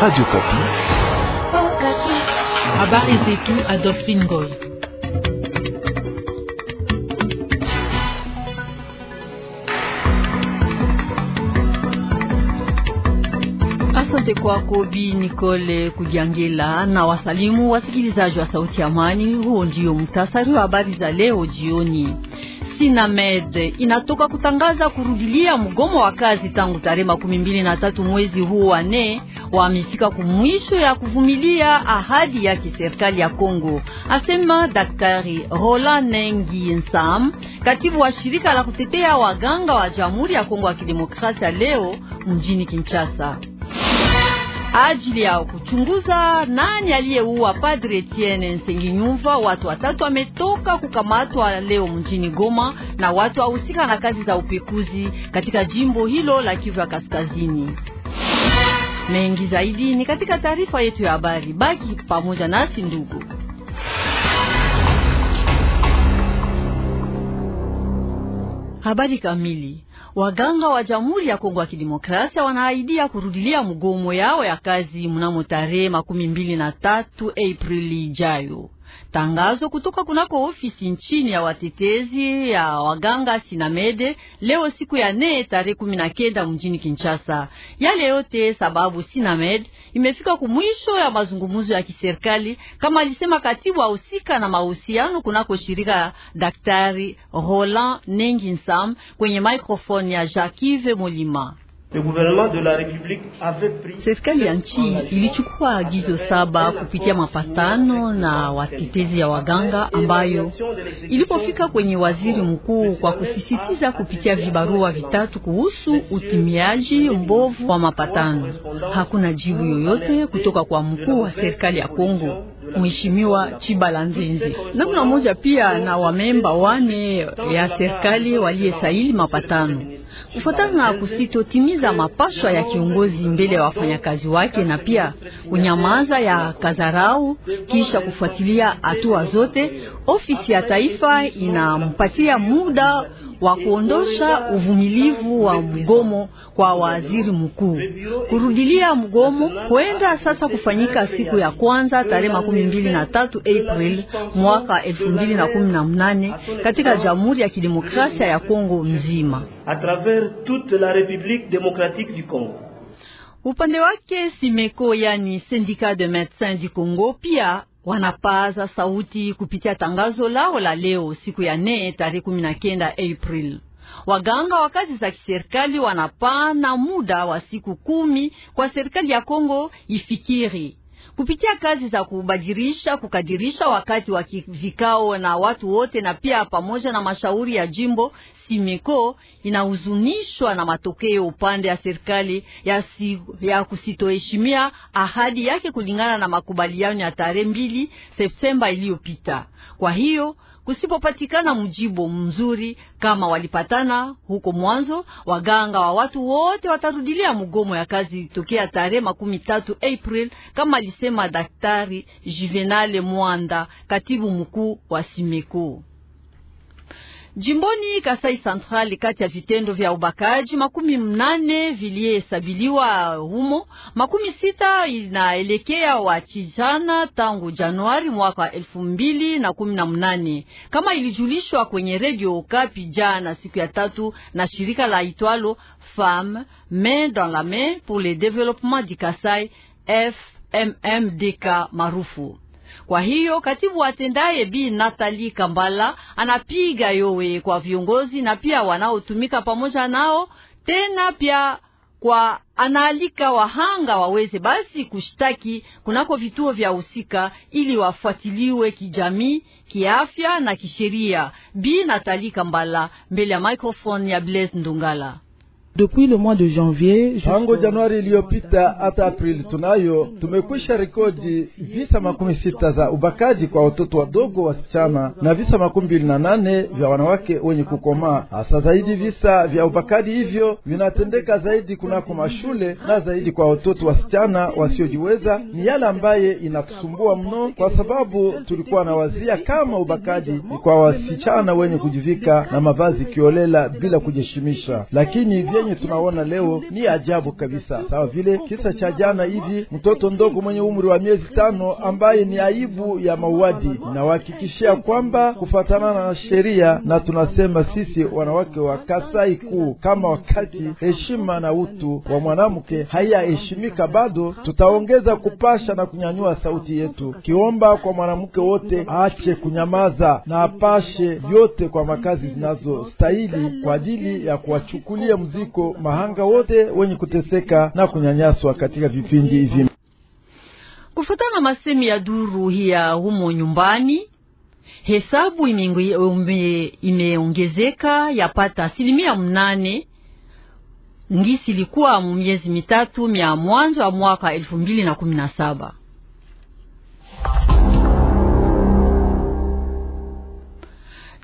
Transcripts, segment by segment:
Radio Kapi. Habari zetu Adolphine Goy. Asante kwako Bi Nicole Kujangela na wasalimu wasikilizaji wa Sauti ya Amani. Huo ndio mtasari wa habari za leo jioni. Sinamed inatoka kutangaza kurudilia mgomo wa kazi tangu tarehe makumi mbili na tatu mwezi huu wa nne. Wamefika kumwisho ya kuvumilia ahadi yake serikali ya Kongo, asema Daktari Roland Nengi Nsam, katibu wa shirika la kutetea waganga wa Jamhuri ya Kongo ya Kidemokrasia, leo mjini Kinshasa ajili ya kuchunguza nani aliyeua Padre Etienne Nsenginyumva. Watu watatu wametoka kukamatwa leo mjini Goma na watu wahusika na kazi za upekuzi katika jimbo hilo la Kivu ya Kaskazini. Mengi zaidi ni katika taarifa yetu ya habari. Baki pamoja nasi ndugu. Habari kamili Waganga wa Jamhuri ya Kongo ya Kidemokrasia wanaahidia kurudilia mgomo yao ya kazi mnamo tarehe makumi mbili na tatu Aprili ijayo. Tangazo kutoka kunako ofisi nchini ya watetezi ya waganga Sinamede leo siku ya nne tarehe kumi na kenda mjini Kinshasa. Yale yote sababu Sinamed imefika kumwisho ya mazungumzo ya kiserikali kama alisema katibu ahusika na mahusiano kunako shirika Daktari Roland Nenginsam kwenye microphone ya Jacques Yves Molima. Serikali ya nchi ilichukua agizo saba kupitia mapatano na watetezi ya waganga, ambayo ilipofika kwenye waziri mkuu kwa kusisitiza kupitia vibarua vitatu kuhusu utimiaji mbovu wa mapatano. Hakuna jibu yoyote kutoka kwa mkuu wa serikali ya Kongo Mheshimiwa Chibala Nzinzi. Namna moja pia na wamemba wane ya serikali waliyesaini mapatano kufuatana na kusitotimiza mapashwa ya kiongozi mbele ya wafanyakazi wake na pia kunyamaza ya kadharau kisha kufuatilia hatua zote, ofisi ya taifa inampatia muda wa kuondosha uvumilivu wa mgomo kwa waziri mkuu. Kurudilia mgomo huenda sasa kufanyika siku ya kwanza tarehe makumi mbili na tatu April mwaka elfu mbili na kumi na mnane katika Jamhuri ya Kidemokrasia ya Kongo mzima. Upande wake Simeko, yani Syndicat de Medecins du Congo pia wanapaza sauti kupitia tangazo lao la leo siku ya nne tarehe kumi na kenda April. Waganga wa kazi za kiserikali wanapana muda wa siku kumi kwa serikali ya Kongo ifikiri kupitia kazi za kubadilisha kukadirisha wakati wa vikao na watu wote, na pia pamoja na mashauri ya jimbo. Simiko inahuzunishwa na matokeo upande ya serikali ya, si, ya kusitoheshimia ahadi yake kulingana na makubaliano ya tarehe mbili Septemba iliyopita. Kwa hiyo Kusipopatikana mjibu mzuri kama walipatana huko mwanzo, waganga wa watu wote watarudilia mgomo ya kazi tokea tarehe makumi tatu April, kama alisema Daktari Juvenal Mwanda, katibu mkuu wa Simeko. Jimboni Kasai Central, kati ya vitendo vya ubakaji makumi mnane vilihesabiliwa humo, makumi sita inaelekea wachijana tangu Januari mwaka elfu mbili na kumi na mnane, kama ilijulishwa kwenye redio Okapi jana siku ya tatu na shirika la itwalo Femme Main dans la Main pour le Développement du Kasai FMMDK maarufu kwa hiyo katibu atendaye Bi Natali Kambala anapiga yowe kwa viongozi na pia wanaotumika pamoja nao, tena pia kwa anaalika wahanga waweze basi kushtaki kunako vituo vya husika ili wafuatiliwe kijamii, kiafya na kisheria. Bi Natali Kambala mbele ya microphone ya Blaise Ndungala. Depuis le mois de janvier tangu Januari iliyopita hata Aprili tunayo tumekwisha rekodi visa makumi sita za ubakaji kwa watoto wadogo wasichana na visa makumi mbili na nane vya wanawake wenye kukomaa. Hasa zaidi visa vya ubakaji hivyo vinatendeka zaidi kunako mashule na zaidi kwa watoto wasichana wasiojiweza. Ni yale ambaye inatusumbua mno, kwa sababu tulikuwa na wazia kama ubakaji ni kwa wasichana wenye kujivika na mavazi kiolela bila kujiheshimisha, lakini vyenye yenye tunaona leo ni ajabu kabisa, sawa vile kisa cha jana hivi, mtoto ndogo mwenye umri wa miezi tano ambaye ni aibu ya mauaji. Nawahakikishia kwamba kufatana na sheria, na tunasema sisi wanawake wa Kasai Kuu, kama wakati heshima na utu wa mwanamke haiyaheshimika bado, tutaongeza kupasha na kunyanyua sauti yetu, kiomba kwa mwanamke wote aache kunyamaza na apashe vyote kwa makazi zinazostahili kwa ajili ya kuwachukulia mzigo huko mahanga wote wenye kuteseka na kunyanyaswa katika vipindi hivi. Kufuatana masemi ya duru hiya humo nyumbani, hesabu imeongezeka ime yapata asilimia mnane ngisi ilikuwa miezi mitatu mia mwanzo wa mwaka elfu mbili na kumi na saba.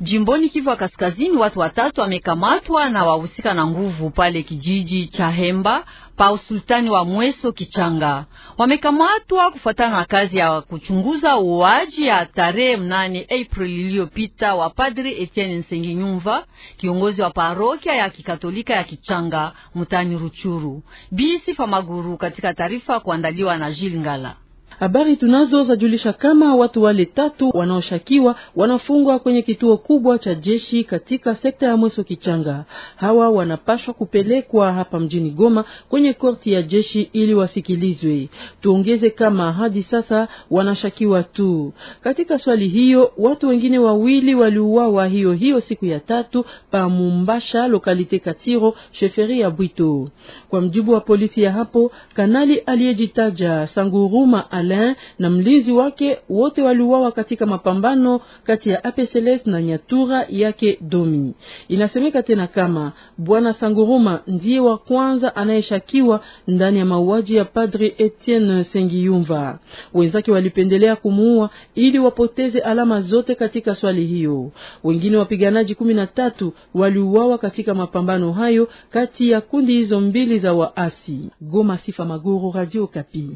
Jimboni Kivu ya Kaskazini, watu watatu wamekamatwa na wahusika na nguvu pale kijiji cha Hemba pa usultani wa Mweso Kichanga. Wamekamatwa kufuatana na kazi ya kuchunguza uaji ya tarehe mnane Aprili iliyopita wa Padri Etienne Nsengi Nyumva, kiongozi wa parokia ya kikatolika ya Kichanga mutani Ruchuru. Bisi Famaguru katika taarifa kuandaliwa na Jilingala. Habari tunazo zajulisha kama watu wale tatu wanaoshakiwa wanafungwa kwenye kituo kubwa cha jeshi katika sekta ya Mweso Kichanga. Hawa wanapashwa kupelekwa hapa mjini Goma kwenye korti ya jeshi ili wasikilizwe. Tuongeze kama hadi sasa wanashakiwa tu katika swali hiyo. Watu wengine wawili waliuawa hiyo hiyo siku ya tatu pa Mumbasha, lokalite Katiro, sheferi ya Bwito. Kwa mjibu wa polisi ya hapo, kanali aliyejitaja Sanguruma ala Alain na mlinzi wake wote waliuawa katika mapambano kati ya APCLS na Nyatura yake Domi. Inasemeka tena kama Bwana Sanguruma ndiye wa kwanza anayeshakiwa ndani ya mauaji ya Padre Etienne Sengiyumva. Wenzake walipendelea kumuua ili wapoteze alama zote katika swali hiyo. Wengine wapiganaji kumi na tatu waliuawa katika mapambano hayo kati ya kundi hizo mbili za waasi. Goma, Sifa Maguru, Radio Kapi.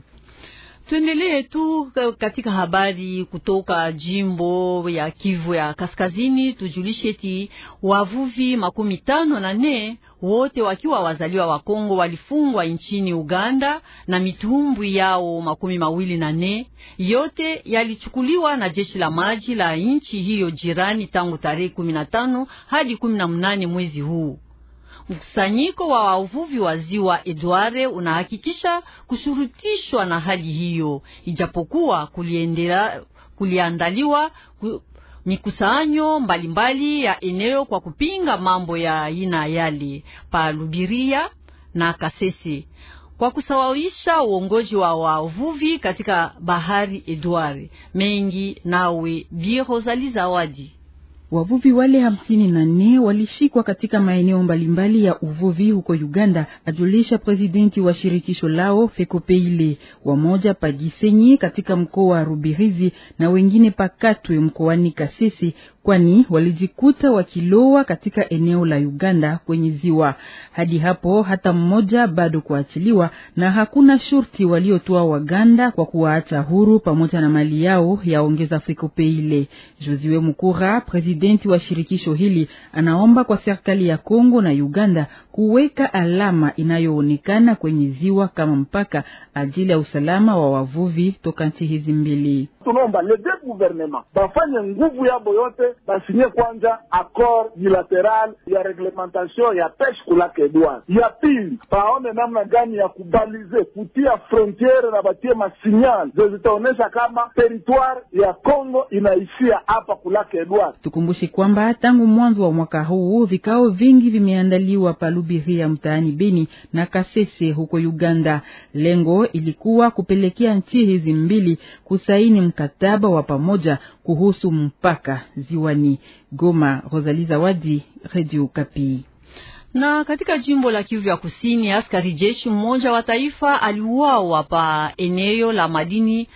Tuendelee tu katika habari kutoka jimbo ya Kivu ya Kaskazini. Tujulishe ti wavuvi makumi tano na nne wote wakiwa wazaliwa wa Kongo walifungwa nchini Uganda na mitumbwi yao makumi mawili na nne yote yalichukuliwa na jeshi la maji la nchi hiyo jirani tangu tarehe 15 hadi 18 mwezi huu. Mkusanyiko wa wavuvi wa ziwa Edware unahakikisha kushurutishwa na hali hiyo, ijapokuwa kuliendelea kuliandaliwa ku, mikusanyo mbalimbali ya eneo kwa kupinga mambo ya aina yale palubiria na Kasese kwa kusawawisha uongozi wa wavuvi katika bahari Edward mengi nawe Bi Rosali Zawadi. Wavuvi wale hamsini na nne walishikwa katika maeneo mbalimbali ya uvuvi huko Uganda, ajulisha presidenti wa shirikisho lao Fekopeile, wamoja pa Gisenyi katika mkoa wa Rubirizi na wengine pa Katwe mkoani Kasisi kwani walijikuta wakiloa katika eneo la Uganda kwenye ziwa. Hadi hapo hata mmoja bado kuachiliwa na hakuna shurti waliotoa Waganda kwa kuwaacha huru pamoja na mali yao, yaongeza Fekopeile. Josue Mukura, presidenti wa shirikisho hili, anaomba kwa serikali ya Kongo na Uganda kuweka alama inayoonekana kwenye ziwa kama mpaka ajili ya usalama wa wavuvi toka nchi hizi mbili. Tunaomba lede guvernema bafanye nguvu yabo yote basinye kwanza accord bilateral ya reglementation ya peshe kulaka edwar Ya pili baone namna gani ya kubalize kutia frontiere na batie masinyal zezitaonesha kama territoire ya Congo inaishia hapa kulaka edwar Tukumbushe kwamba tangu mwanzo wa mwaka huu vikao vingi vimeandaliwa palubiria mtaani Beni na Kasese huko Uganda. Lengo ilikuwa kupelekea nchi hizi mbili kusaini mkataba wa pamoja kuhusu mpaka ziwa mkoani Goma. Rosalie Zawadi, Redio Kapi. Na katika jimbo la Kivu ya Kusini, askari jeshi mmoja wa taifa aliuawa pa eneo la madini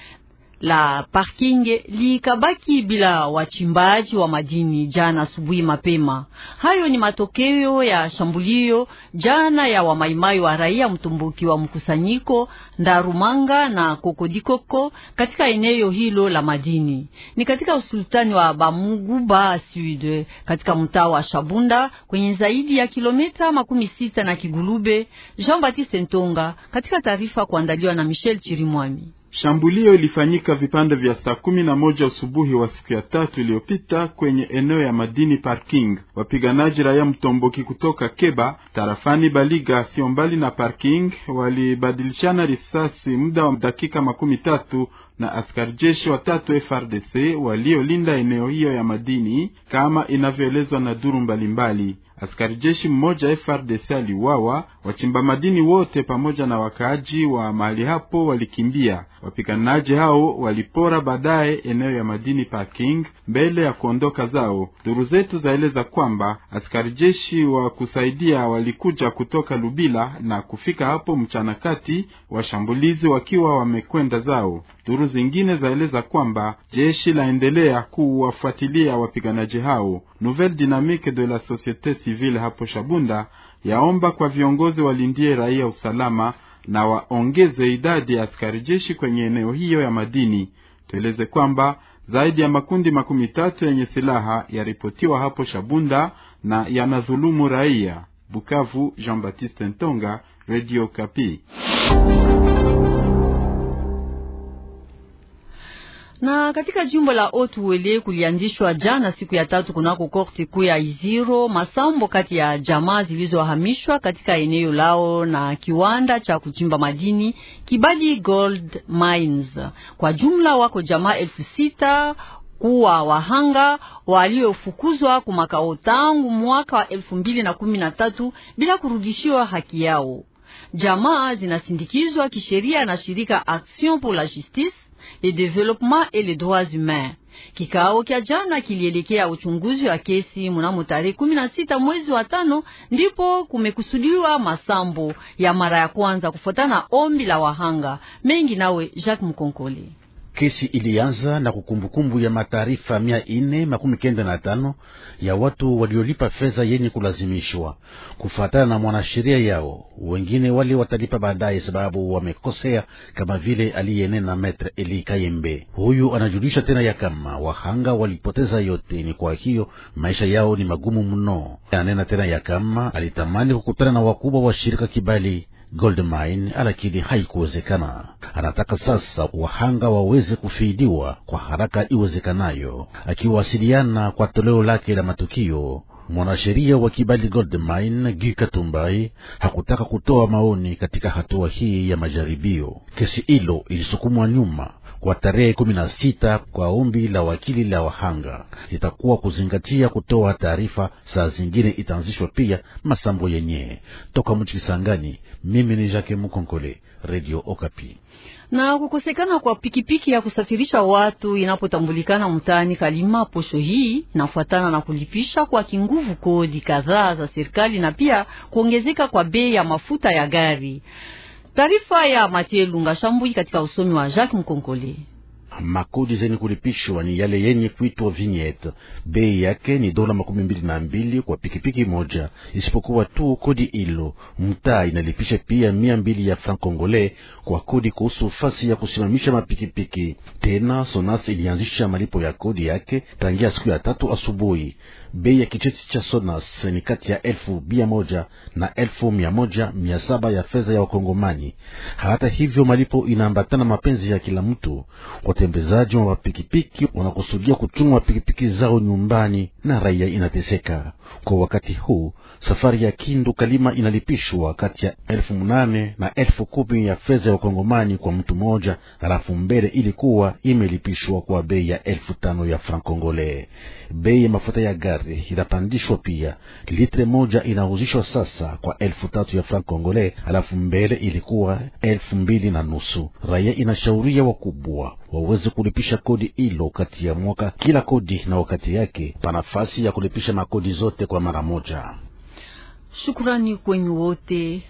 la Parking likabaki bila wachimbaji wa madini jana asubuhi mapema. Hayo ni matokeo ya shambulio jana ya wamaimai wa raia mtumbuki wa mkusanyiko Ndarumanga na Kokodikoko katika eneo hilo la madini, ni katika usultani wa Bamuguba Sud katika mtaa wa Shabunda kwenye zaidi ya kilomita makumi sita na Kigulube. Jean Baptiste Ntonga katika taarifa kuandaliwa na Michel Chirimwami. Shambulio ilifanyika vipande vya saa kumi na moja usubuhi wa siku ya tatu iliyopita kwenye eneo ya madini parking. Wapiganaji raia mtomboki kutoka Keba tarafani Baliga, sio mbali na parking, walibadilishana risasi muda wa dakika makumi tatu na askari jeshi watatu FRDC waliolinda eneo hiyo ya madini, kama inavyoelezwa na duru mbalimbali. Askari jeshi mmoja FRDC aliuawa, wachimba madini wote pamoja na wakaaji wa mahali hapo walikimbia. Wapiganaji hao walipora baadaye eneo ya madini pa King mbele ya kuondoka zao. Duru zetu zaeleza kwamba askari jeshi wa kusaidia walikuja kutoka Lubila na kufika hapo mchana kati, washambulizi wakiwa wamekwenda zao. Duru zingine zaeleza kwamba jeshi laendelea kuwafuatilia wapiganaji hao. Nouvelle Dynamique de la Societe Civile hapo Shabunda yaomba kwa viongozi walindie raia usalama na waongeze idadi ya askari jeshi kwenye eneo hiyo ya madini. Tueleze kwamba zaidi ya makundi makumi tatu yenye silaha yaripotiwa hapo Shabunda na yanadhulumu raia. Bukavu, Jean Baptiste Ntonga, Radio Kapi. Na katika jimbo la Otuwele kulianzishwa jana siku ya tatu kunako korti kuu ya Iziro masambo kati ya jamaa zilizohamishwa katika eneo lao na kiwanda cha kuchimba madini Kibali Gold Mines. Kwa jumla wako jamaa elfu sita kuwa wahanga waliofukuzwa kumakao tangu mwaka wa elfu mbili na kumi na tatu bila kurudishiwa haki yao. Jamaa zinasindikizwa kisheria na shirika Action pour la Justice le development et les droits humains. Kikao kya jana kilielekea uchunguzi wa kesi mnamo tarehe kumi na sita mwezi wa tano, ndipo kumekusudiwa masambo ya mara ya kwanza kufuatana ombi la wahanga mengi. Nawe Jacques Mkonkoli. Kesi ilianza na kukumbukumbu ya mataarifa mia ine makumi kenda na tano ya watu waliolipa fedha yenye kulazimishwa kufuatana na mwanasheria yao. Wengine wale watalipa baadaye sababu wamekosea, kama vile aliyenena Metre Eli Kayembe. Huyu anajulisha tena ya kama wahanga walipoteza yote, ni kwa hiyo maisha yao ni magumu mno. Anena tena ya kama alitamani kukutana na wakubwa wa shirika kibali Goldmine, lakini haikuwezekana. Anataka sasa wahanga waweze kufidiwa kwa haraka iwezekanayo. Akiwasiliana kwa toleo lake la matukio, mwanasheria wa Kibali Goldmine gikatumbai hakutaka kutoa maoni katika hatua hii ya majaribio. Kesi hilo ilisukumwa nyuma kwa tarehe kumi na sita kwa ombi la wakili la wahanga. Itakuwa kuzingatia kutoa taarifa, saa zingine itaanzishwa pia masambo yenyewe. Toka Kisangani. mimi ni Jacques Mukonkole, Radio Okapi na kukosekana kwa pikipiki ya kusafirisha watu inapotambulikana mtaani Kalima posho hii nafuatana na kulipisha kwa kinguvu kodi kadhaa za serikali na pia kuongezeka kwa bei ya mafuta ya gari. Taarifa ya Mathieu Lunga Shambui katika usomi wa Jacques Mkonkoli. Makodi zenye kulipishwa ni yale yenye kuitwa vignette. Bei yake ni dola makumi mbili na mbili kwa pikipiki moja, isipokuwa tu kodi ilo. Mtaa inalipisha pia mia mbili ya franc congolais kwa kodi kuhusu fasi ya kusimamisha mapikipiki. Tena Sonas ilianzisha malipo ya kodi yake tangia siku ya tatu asubuhi bei ya kicheti cha SONAS ni kati ya elfu mia moja na elfu mia moja mia saba ya fedha ya Wakongomani. Hata hivyo, malipo inaambatana mapenzi ya kila mtu. Watembezaji wa pikipiki wanakusudia kuchunga pikipiki zao nyumbani, na raia inateseka kwa wakati huu. Safari ya Kindu Kalima inalipishwa kati ya elfu mnane na elfu kumi ya fedha ya Wakongomani kwa mtu mmoja, halafu mbele ilikuwa imelipishwa kwa bei ya elfu tano ya frankongole. Bei ya mafuta ya gari sukari inapandishwa pia. Litre moja inauzishwa sasa kwa elfu tatu ya franc congolais, alafu mbele ilikuwa elfu mbili na nusu. Raia inashauria wakubwa waweze kulipisha kodi hilo kati ya mwaka, kila kodi na wakati yake, pa nafasi ya kulipisha makodi zote kwa mara moja. Shukrani kwenye wote.